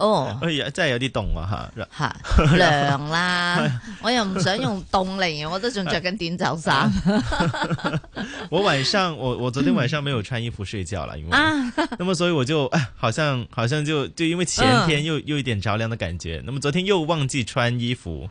哦、oh, 哎，真係有啲凍啊吓，涼、啊啊、啦！ 我又唔想用凍嚟，我都仲着緊短袖衫。 我晚上我我昨天晚上沒有穿衣服睡覺啦，因為、啊，那麼所以我就，啊、好像好像就就因為前天又又、啊、一點着涼的感覺，那麼昨天又忘記穿衣服。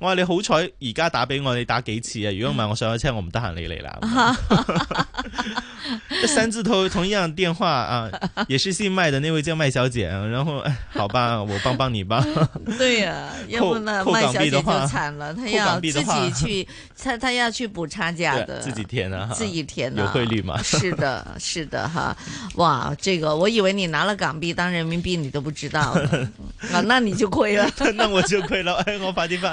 哇你好彩而家打俾我，你打幾次啊？如果唔係我上咗車，我唔得閒你嚟啦。 這三字頭同一樣電話啊，也是姓麥的那位叫麥小姐。然後，哎，好吧，我幫幫你吧。對啊，要不呢麥小姐就慘了，她要自己去，她她要去補差價的，啊、自己填啊，啊自己填、啊，有匯率嘛？是的，是的，哈、啊嗯，哇，這個我以為你拿了港幣當人民幣，你都不知道， 啊，那你就虧了、 啊、那我就虧了哎，我快啲幫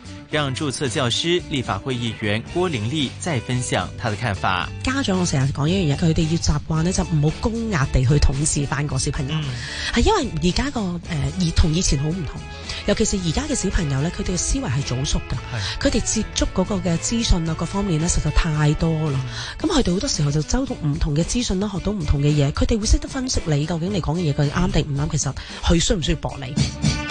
讓註冊教師、立法會議員郭玲麗再分享她的看法。家長，我成日講一樣嘢，佢哋要習慣呢，就唔好高壓地去統治班個小朋友，係、嗯、因為而家個誒而同以前好唔同，尤其是而家嘅小朋友咧，佢哋嘅思維係早熟噶，佢、嗯、哋接觸嗰個嘅資訊啊各方面咧，實在太多啦。咁佢哋好多時候就周通唔同嘅資訊啦，學到唔同嘅嘢，佢哋會識得分析你究竟你講嘅嘢佢啱定唔啱。其實佢需唔需要駁你？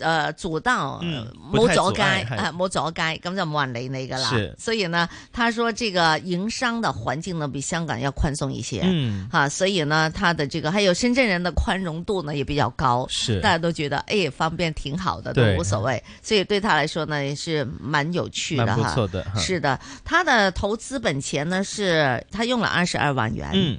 呃，主道，嗯，冇阻街，啊，冇阻街，咁就冇人理你噶啦。所以呢，他說這個營商的環境呢，比香港要寬鬆一些。嗯，哈，所以呢，他的這個還有深圳人的寬容度呢，也比較高。是，大家都覺得誒、哎，方便挺好的，都無所謂。所以對他來說呢，也是蠻有趣的，的哈，哈。是的，他的投資本錢呢，是他用了二十二萬元。嗯。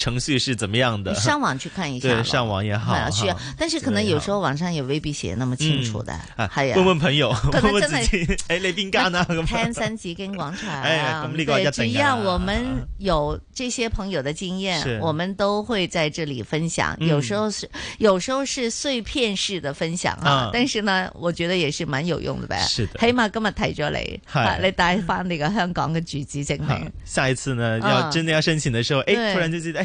程序是怎麼樣的？上網去看一下。對，上網也好，需要。但是可能有時候網上也未必寫那麼清楚的。還、嗯、有、啊，問問朋友，問問自己。哎，你邊間呢咁天山吉根廣場。哎，咁呢只要我們有這些朋友的經驗，我們都會在這裏分享、嗯。有時候是，有時候是碎片式的分享啊、嗯。但是呢，我覺得也是蠻有用的唄。是的。起碼今日抬着嚟，係、哎、你帶翻那個香港的住址證明。下一次呢、啊，要真的要申請的時候，哎，突然就記得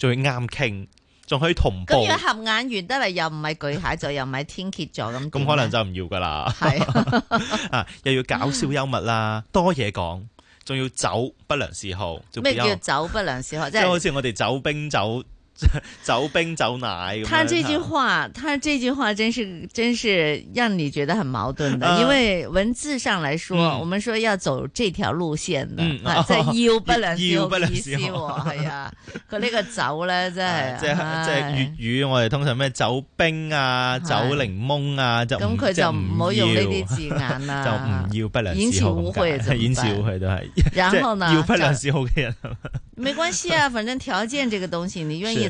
最啱傾，仲可以同步。咁如果合眼完得嚟，又唔係巨蟹座，又唔係天蠍座咁，咁可能就唔要噶啦。係 啊，又要搞笑幽默啦，多嘢講，仲要走不良嗜好。咩叫走不良嗜好？即係即係好似我哋走冰走。 走冰走奶，他這句話，他這句話真是真是讓你覺得很矛盾的，啊、因為文字上來說，嗯、我們說要走這條路線的，嗯、啊，這、就是、要不良嗜好，不良嗜好 是啊，佢呢個走咧，真、就、係、是，即係即係粵語，我哋通常咩走冰啊，走檸檬啊，就咁，佢就唔好用呢啲字眼啦，就唔、是、要， 要不良， 不要不良，演前誤會就，以前誤會都係， 然後呢？要不良嗜好嘅人， 沒關係啊，反正條件這個東西，你願意。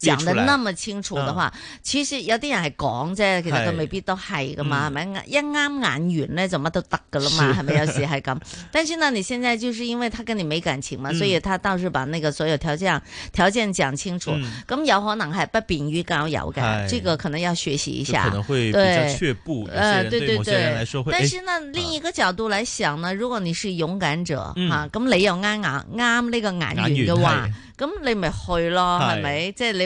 講得那麼清楚的話，嗯、其實有啲人係講啫，其實佢未必都係噶嘛，係咪、嗯、一啱眼緣呢就乜都得噶啦嘛，係咪有時係咁？ 但是呢，你現在就是因為他跟你沒感情嘛，嗯、所以他倒是把那個所有條件條件講清楚。咁、嗯、有可能係不便於交友，這個可能要學習一下。可能會比較卻步、呃，對對對。但是呢、哎，另一個角度來想呢，啊、如果你是勇敢者吓，咁、嗯啊、你又啱眼啱呢個眼緣嘅話，咁、哎、你咪去咯，係、哎、咪？即係、哎就是、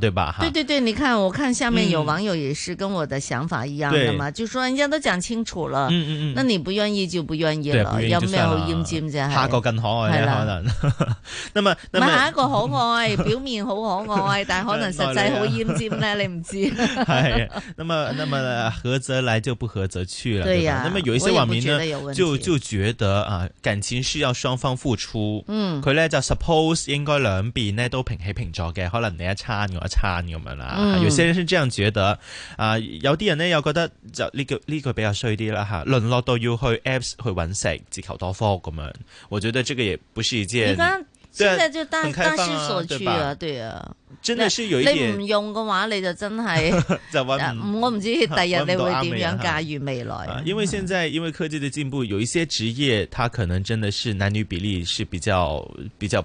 對吧？對對對，你看，我看下面有網友也是跟我的想法一樣的嘛，嗯、就說人家都講清楚了，嗯嗯嗯，那你不願意就不願意啦，有咩 好奄尖啫？下一個更可愛，係啦。咁啊，咪下一個可愛，表面好可愛， 但可能實際好奄尖呢？ 你唔知。係， 咁啊，咁啊，合則來就不合則去了，對呀。咁啊，對有一些網民咧，就就覺得啊，感情需要雙方付出，嗯，佢咧就 suppose 應該兩邊呢都平起平坐嘅，可能你一餐。我一餐咁樣啦，有些人是這樣覺得，啊，有啲人呢又覺得就呢、這個呢、這個比較衰啲啦吓，淪、啊、落到要去 Apps 去揾食，自求多福咁樣、啊。我覺得這個也不是一件，你睇、啊，現在就大大勢所趨啊對。對啊，真的是有一點唔用嘅話，你就真係 就、啊、我唔知第二日你會點樣駕馭未來、啊。因為現在因為科技的進步、啊，有一些職業，它可能真的是男女比例是比較比較。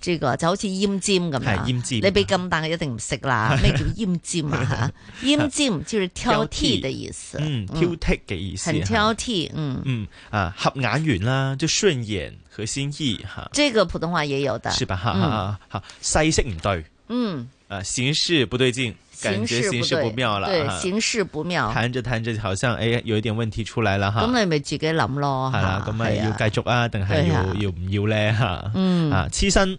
呢、這個就好似奄尖咁樣，尖你俾咁大我一定唔食啦。咩、啊、叫奄尖啊？奄 尖就係挑剔的意思，挑剔嘅、嗯、意思、嗯。很挑剔，啊、嗯嗯啊，合眼緣啦、啊，就順眼合心意嚇、啊。這個普通話也有的，是吧？嚇、嗯，好、啊啊，勢色唔對，嗯啊，形勢唔對勁，感覺形勢不妙啦、啊，對，形勢不妙。談著談著，好像誒、哎、有一點問題出來啦嚇。咁、啊、你咪自己諗咯嚇，咁、啊、咪、啊啊、要繼續啊？定係、啊啊、要要唔要咧嚇？嗯嚇，黐、啊、身。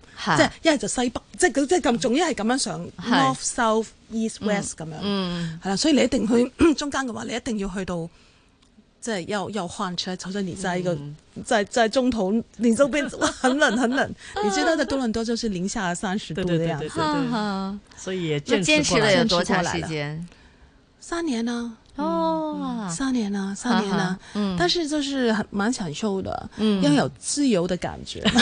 即係一係就西北，即係佢即係咁，仲要，係咁樣上 North South East West 咁樣，係、嗯、啦、嗯，所以你一定去中間嘅話，你一定要去到即係又要換車，否則你喺一個、嗯、在在中途，你就哇，很冷很冷。 你知道在多倫多就是零下三十度嘅呀，所以堅持，堅持了多長時間？三年啦，哦，三年啦、啊嗯，三年啦、啊，嗯、啊， 但是就是很蠻享受的，要有自由嘅感覺。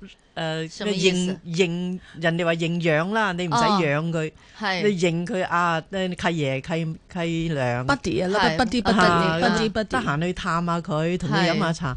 誒、呃，認認人哋話認養啦，你唔使養佢，你認佢啊，契爺契契娘，不啲啊，不啲得閒去探下佢，同佢飲下茶。